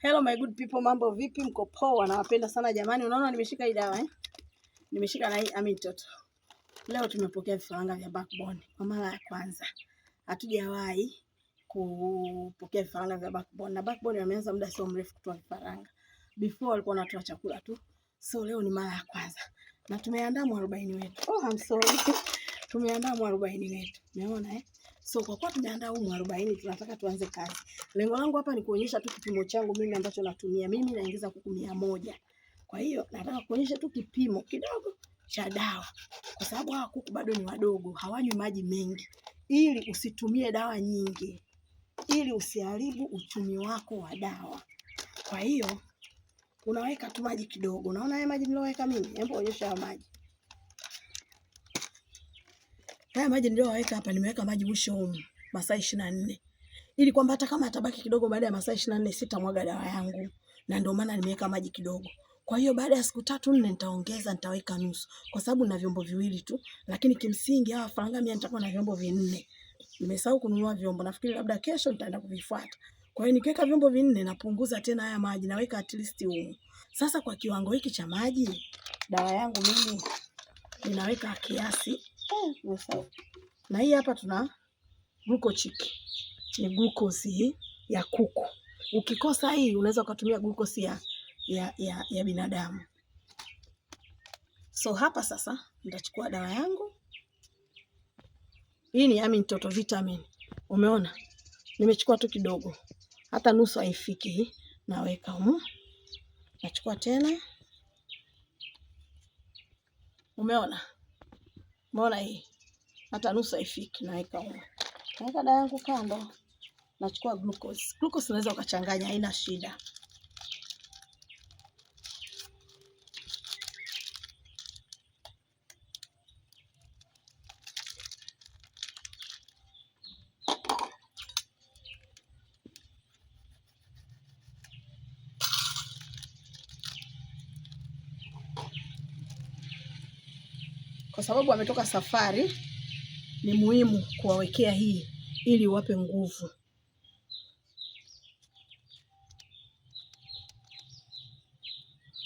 Hello my good people, mambo vipi? Mko poa? Nawapenda sana jamani. Unaona nimeshika hii dawa eh? Nimeshika na hii Amintot. Leo tumepokea vifaranga vya backbone kwa mara ya kwanza. Hatujawahi kupokea vifaranga vya backbone. Na backbone wameanza muda sio mrefu kutoa vifaranga. Before walikuwa wanatoa chakula tu. So leo ni mara ya kwanza. Na tumeandaa mwarobaini wetu. Oh, I'm sorry. Tumeandaa mwarobaini wetu. Umeona eh? So kwa kuwa tumeandaa huu mwarobaini, tunataka tuanze kazi. Lengo langu hapa ni kuonyesha tu kipimo changu mimi ambacho natumia. Mimi naingiza kuku mia moja, kwa hiyo nataka kuonyesha tu kipimo kidogo cha dawa, kwa sababu hawa kuku bado ni wadogo, hawanywi maji mengi, ili usitumie dawa nyingi, ili usiharibu uchumi wako wa dawa. Kwa hiyo unaweka tu maji kidogo. Unaona haya maji niloweka mimi, hebu onyesha haya maji Haya maji niliyoweka hapa nimeweka maji mwisho huu masaa 24. Ili kwamba hata kama atabaki kidogo baada ya masaa 24 sitamwaga dawa yangu. Na ndio maana nimeweka maji kidogo. Kwa hiyo baada ya siku tatu nne nitaongeza nitaweka nusu kwa sababu na vyombo viwili tu, lakini kimsingi hawa faranga mia nitakuwa na vyombo vinne. Nimesahau kununua vyombo, nafikiri labda kesho nitaenda kuvifuata. Kwa hiyo nikiweka vyombo vinne napunguza tena haya maji, naweka at least huu. Sasa kwa kiwango hiki cha maji dawa yangu mimi ninaweka kiasi na hii hapa tuna gluko chiki, ni glukosi ya kuku. Ukikosa hii unaweza ukatumia glukosi ya, ya, ya, ya binadamu. So hapa sasa nitachukua dawa yangu hii ni ami yaani mtoto vitamin. Umeona, nimechukua tu kidogo, hata nusu haifiki hii. Naweka humu, nachukua tena. Umeona. Mbona hii hata nusu haifiki, naweka huko. Naweka dawa yangu kando, nachukua glucose. Glucose unaweza ukachanganya, haina shida. kwa sababu wametoka safari, ni muhimu kuwawekea hii ili wape nguvu.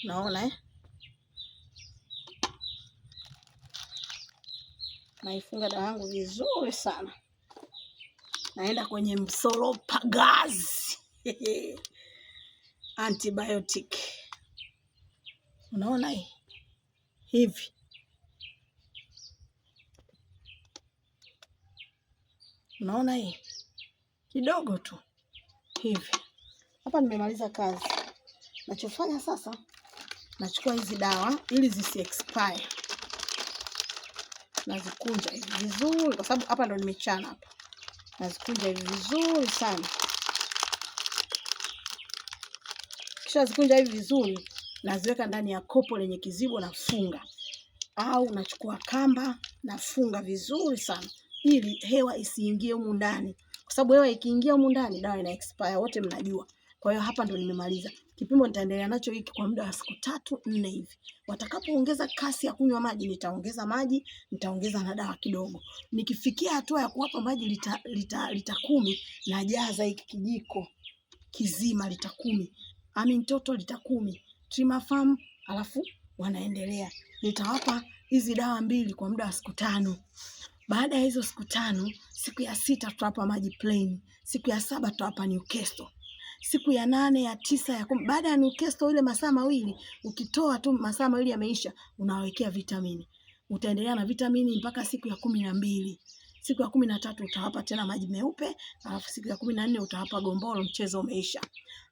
Naona eh? Naifunga dawa yangu vizuri sana, naenda kwenye msolopa gazi antibiotic. Unaona hii hivi Unaona hii kidogo tu hivi hapa. Nimemaliza kazi, nachofanya sasa, nachukua hizi dawa ili zisi expire, nazikunja hivi vizuri, kwa sababu hapa ndo nimechana hapa. Nazikunja hivi vizuri sana, kisha zikunja hivi vizuri, naziweka ndani ya kopo lenye kizibo, nafunga au nachukua kamba, nafunga vizuri sana ili hewa isiingie humu ndani, kwa sababu hewa ikiingia humu ndani dawa ina expire, wote mnajua. Kwa hiyo hapa ndo nimemaliza kipimo, nitaendelea nacho hiki kwa muda wa siku tatu nne hivi. Watakapoongeza kasi ya kunywa maji, nitaongeza maji, nitaongeza na dawa kidogo. Nikifikia hatua ya kuwapa maji lita, lita, lita kumi, najaza hiki kijiko kizima lita kumi, ami mtoto lita kumi Trimafam, alafu wanaendelea. Nitawapa hizi dawa mbili kwa muda wa siku tano. Baada ya hizo siku tano, siku ya sita tutawapa Maji Plain, siku ya saba tutawapa Newcastle, siku ya nane ya tisa ya kumi. Baada ya Newcastle ile masaa mawili ukitoa tu masaa mawili yameisha, unawawekea vitamini, utaendelea na vitamini mpaka siku ya kumi na mbili. Siku ya kumi na tatu utawapa tena maji meupe, alafu siku ya kumi na nne utawapa gomboro. Mchezo umeisha.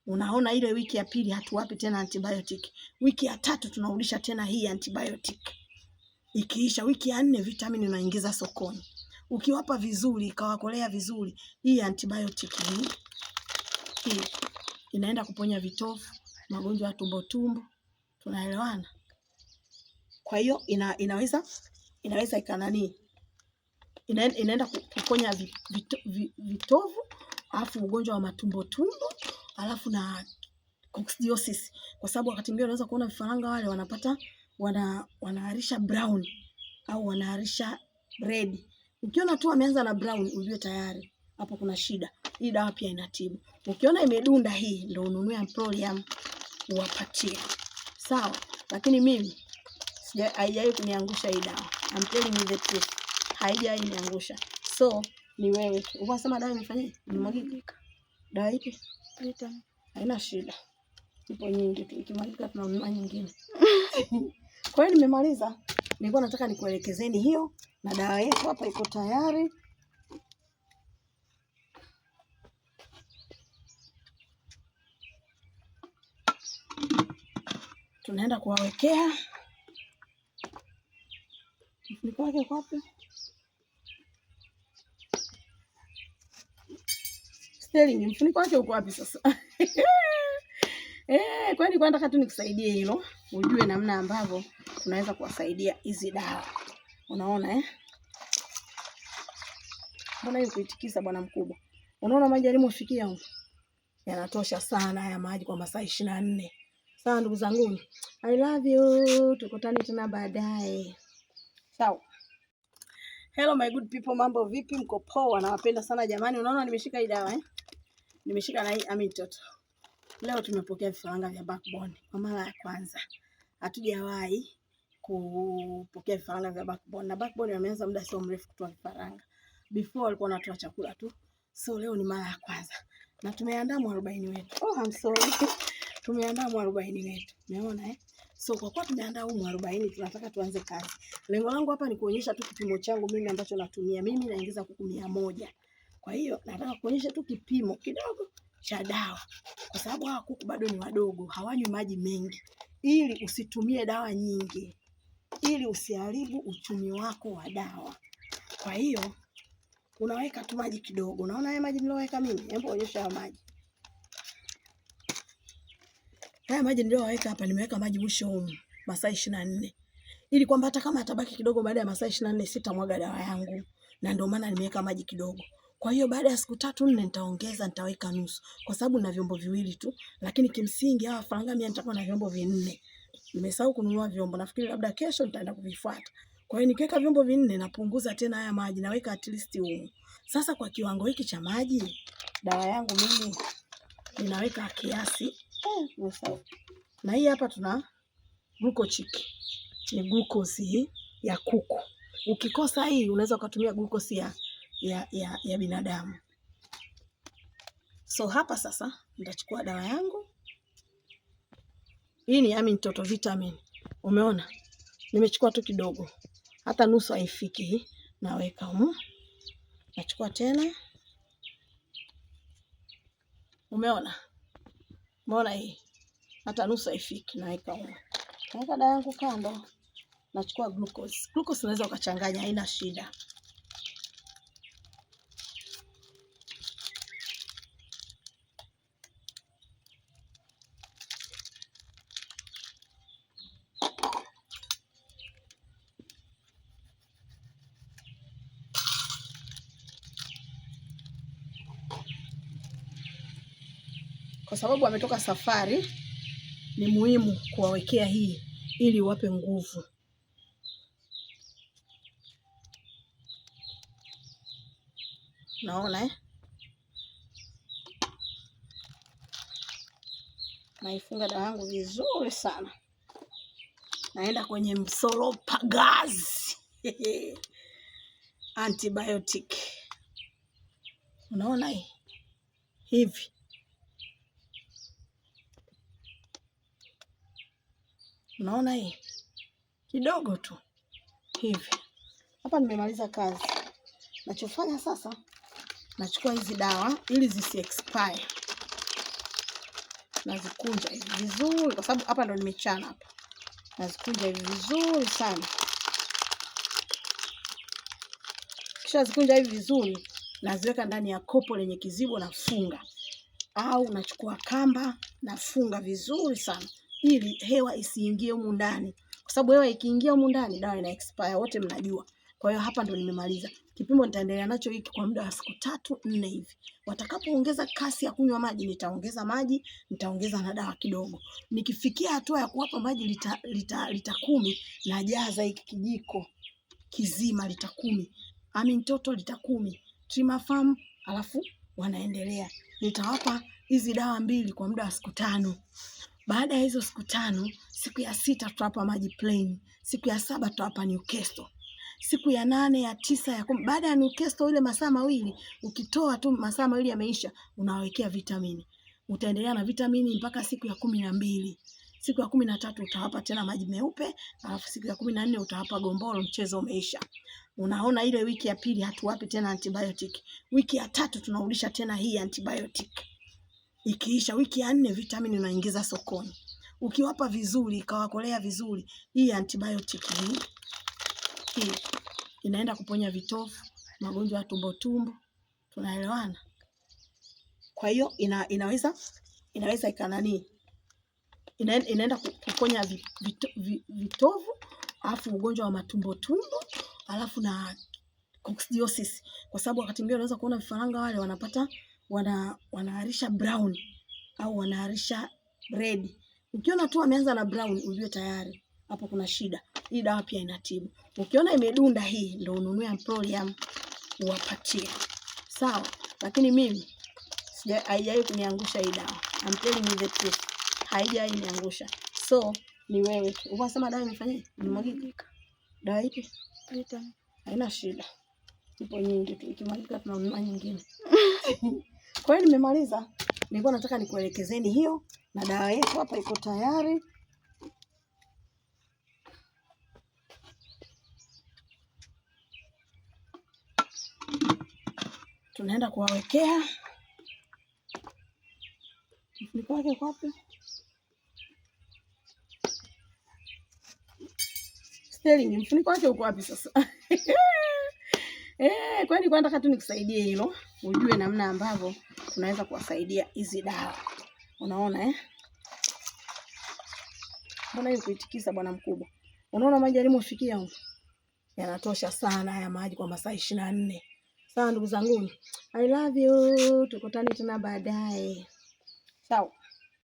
Unaona, ile wiki ya pili hatuwapi tena antibiotic, wiki ya tatu tunarudisha tena hii antibiotic ikiisha wiki ya nne vitamini unaingiza sokoni. Ukiwapa vizuri ikawakolea vizuri, hii antibiotic hii hii inaenda kuponya vitovu, magonjwa ya tumbo tumbo. Tunaelewana? Kwa hiyo ina, inaweza inaweza ikanani ina, inaenda kuponya vitovu, alafu ugonjwa wa matumbo tumbo, alafu na coccidiosis, kwa sababu wakati mwingine unaweza kuona vifaranga wale wanapata wana wanaharisha brown au wanaharisha red. Ukiona tu ameanza na brown, ujue tayari hapo kuna shida. Hii dawa pia inatibu. Ukiona imedunda hii, ndio ununue Amprolium uwapatie, sawa. Lakini mimi haijawahi kuniangusha hii dawa. I'm telling you the truth, haijawahi niangusha. So ni wewe ukasema dawa imefanya imemwagika. Dawa ipi? Haina shida, ipo nyingi tu, ikimwagika tunaunua nyingine Kwa hiyo nimemaliza, nilikuwa nataka nikuelekezeni hiyo, na dawa yetu hapa iko tayari. Tunaenda kuwawekea mfuniko wake kwapi? Sterling, mfuniko wake uko wapi sasa? Eh, kwani kwa nataka tu nikusaidie hilo, ujue namna ambavyo tunaweza kuwasaidia hizi dawa. Unaona eh? Mbona hiyo kuitikisa bwana mkubwa? Unaona maji yalimofikia huko. Yanatosha sana haya maji kwa masaa 24. Sawa ndugu zangu. I love you. Tukutane tena baadaye. Sawa. Hello my good people, mambo vipi? Mko poa? Nawapenda sana jamani. Unaona nimeshika hii dawa eh? Nimeshika na hii Amintot. Leo tumepokea vifaranga vya backbone kwa mara ya kwanza. Hatujawahi kupokea vifaranga vya backbone. Na backbone wameanza muda sio mrefu kutoa vifaranga. Before walikuwa wanatoa chakula tu. So leo ni mara ya kwanza. Na tumeandaa mwarobaini wetu. Oh, I'm sorry. Tumeandaa mwarobaini wetu. Umeona eh? So kwa kuwa tumeandaa huu mwarobaini tunataka tuanze kazi. Lengo langu hapa ni kuonyesha tu kipimo changu mimi ambacho natumia. Mimi naingiza kuku mia moja. Kwa hiyo nataka kuonyesha tu kipimo kidogo cha dawa, kwa sababu hawa kuku bado ni wadogo, hawanywi maji mengi, ili usitumie dawa nyingi, ili usiharibu uchumi wako wa dawa. Kwa hiyo unaweka tu maji kidogo. Unaona haya maji niliyoweka mimi, hebu onyesha haya maji. Haya maji niliyoweka hapa, nimeweka maji mwisho huu masaa ishirini na nne ili kwamba hata kama atabaki kidogo baada ya masaa ishirini na nne sitamwaga dawa yangu, na ndio maana nimeweka maji kidogo. Kwa hiyo baada ya siku tatu nne nitaongeza, nitaweka nusu, kwa sababu na vyombo viwili tu, lakini kimsingi hawa faranga mimi nitakuwa na vyombo vinne. Nimesahau kununua vyombo, nafikiri labda kesho nitaenda kuvifuata. Kwa hiyo nikiweka vyombo vinne napunguza tena haya maji, naweka at least humu. Sasa kwa kiwango hiki cha maji, dawa yangu mimi ninaweka kiasi eh, na hii hapa tuna glukochiki, ni glukosi ya kuku. Ukikosa hii unaweza ukatumia glukosi ya ya, ya, ya binadamu. So hapa sasa nitachukua dawa yangu hii ni Amin yaani Toto vitamin. Umeona nimechukua tu kidogo, hata nusu haifiki hii. Naweka humu, nachukua tena. Umeona, umeona hii hata nusu haifiki, naweka humu. Naweka dawa yangu kando, nachukua glucose. Glucose unaweza ukachanganya, haina shida. kwa sababu ametoka safari, ni muhimu kuwawekea hii ili wape nguvu. Naona eh? Naifunga dawa yangu vizuri sana, naenda kwenye msolopagazi antibiotic. Unaona hii hivi Unaona hii kidogo tu hivi hapa. Nimemaliza kazi, nachofanya sasa, nachukua hizi dawa ili zisi expire, nazikunja hivi vizuri, kwa sababu hapa ndo nimechana hapa, nazikunja hivi vizuri sana. Kisha zikunja hivi vizuri, naziweka ndani ya kopo lenye kizibo, nafunga au nachukua kamba, nafunga vizuri sana ili hewa isiingie humu ndani, kwa sababu hewa ikiingia humu ndani dawa ina expire, wote mnajua. Kwa hiyo hapa ndo nimemaliza kipimo, nitaendelea nacho hiki kwa muda wa siku tatu nne hivi. Watakapoongeza kasi ya kunywa maji, nitaongeza maji, nitaongeza na dawa kidogo. Nikifikia hatua ya kuwapa maji lita, lita, lita kumi, najaza hiki kijiko kizima lita kumi, ami mtoto lita kumi Trimafam, alafu wanaendelea. Nitawapa hizi dawa mbili kwa muda wa siku tano. Baada ya hizo siku tano, siku ya sita tutawapa Maji Plain, siku ya saba tutawapa Newcastle, siku ya nane ya tisa ya kumi. Baada ya Newcastle ile masaa mawili ukitoa tu masaa mawili yameisha, unawawekea vitamini, utaendelea na vitamini mpaka siku ya kumi na mbili. Siku ya kumi na tatu utawapa tena maji meupe, alafu siku ya kumi na nne utawapa gomboro. Mchezo umeisha. Unaona, ile wiki ya pili hatuwapi tena antibiotic, wiki ya tatu tunarudisha tena hii antibiotic ikiisha wiki ya nne vitamini unaingiza sokoni. Ukiwapa vizuri ikawakolea vizuri, hii antibiotic hii hii inaenda kuponya vitofu, magonjwa ya tumbo tumbo. Tunaelewana? Kwa hiyo ina, inaweza inaweza ikanani ina, inaenda kuponya vitovu, alafu ugonjwa wa matumbo tumbo, alafu na coccidiosis, kwa sababu wakati mwingine unaweza kuona vifaranga wale wanapata wana wanaharisha brown au wanaharisha red. Ukiona tu ameanza na brown, ujue tayari hapo kuna shida. Hii dawa pia inatibu. Ukiona imedunda hii, ndio ununue Amprolium uwapatie, sawa. Lakini mimi haijawahi kuniangusha hii dawa. I'm telling you the truth, haijawahi niangusha. So ni wewe unasema dawa imefanya imwagika. Dawa ipi? Haina shida, ipo nyingi tu, ikimwagika tunaunua nyingine Kwa hiyo nimemaliza, nilikuwa nataka nikuelekezeni hiyo, na dawa yetu hapa iko tayari. Tunaenda kuwawekea mfuniko wake kwapi? Sterling, mfuniko wake uko wapi sasa? Eh, kwani kwa nataka tu nikusaidie hilo, ujue namna ambavyo tunaweza kuwasaidia hizi dawa. Unaona eh? Mbona hiyo kuitikisa bwana mkubwa? Unaona maji yalimofikia huko. Yanatosha sana haya maji kwa masaa 24. Sawa ndugu zangu. I love you. Tukutane tena baadaye. Sawa.